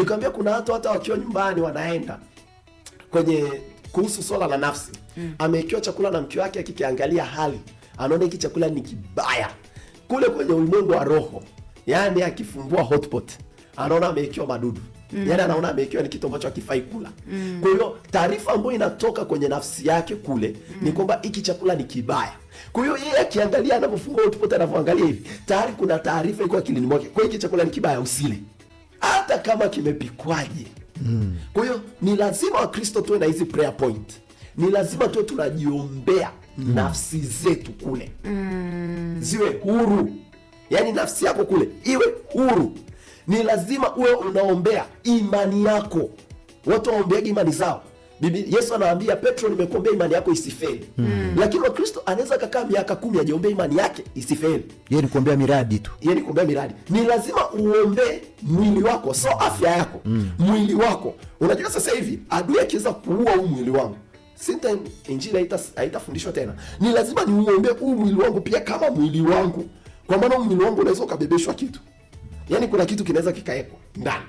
Nikamwambia kuna watu hata wakiwa nyumbani wanaenda kwenye kuhusu swala la nafsi mm. Amewekewa chakula na mke wake, akikiangalia hali anaona hiki chakula ni kibaya. Kule kwenye ulimwengu wa roho, yani akifumbua hotpot anaona amewekewa madudu mm. Yani anaona amewekewa ni kitu ambacho akifai kula mm. Kwa hiyo taarifa ambayo inatoka kwenye nafsi yake kule mm. ni kwamba hiki chakula ni kibaya. Kwa hiyo yeye akiangalia, anapofungua hotpot, anavyoangalia hivi, tayari kuna taarifa iko akilini mwake, kwa hiki chakula ni kibaya, usile hata kama kimepikwaje. Mm. Kwa hiyo ni lazima Wakristo tuwe na hizi prayer point, ni lazima tuwe tunajiombea mm. nafsi zetu kule mm. ziwe huru, yaani nafsi yako kule iwe huru. Ni lazima uwe unaombea imani yako. Watu waombeaje imani zao? Bibi Yesu anawaambia Petro, nimekuombea imani yako isifeli. Mm. Lakini Kristo anaweza akakaa miaka kumi ajiombea imani yake isifeli. Yeye ni kuombea miradi tu. Yeye ni kuombea miradi. Ni lazima uombe mwili wako, sio afya yako. Mm. Mwili wako. Unajua sasa hivi adui akiweza kuua huu mwili wangu Sinta injili haitafundishwa tena. Ni lazima niuombe huu mwili wangu pia kama mwili wangu, kwa maana mwili wangu unaweza ukabebeshwa kitu, yaani kuna kitu kinaweza kikaekwa ndani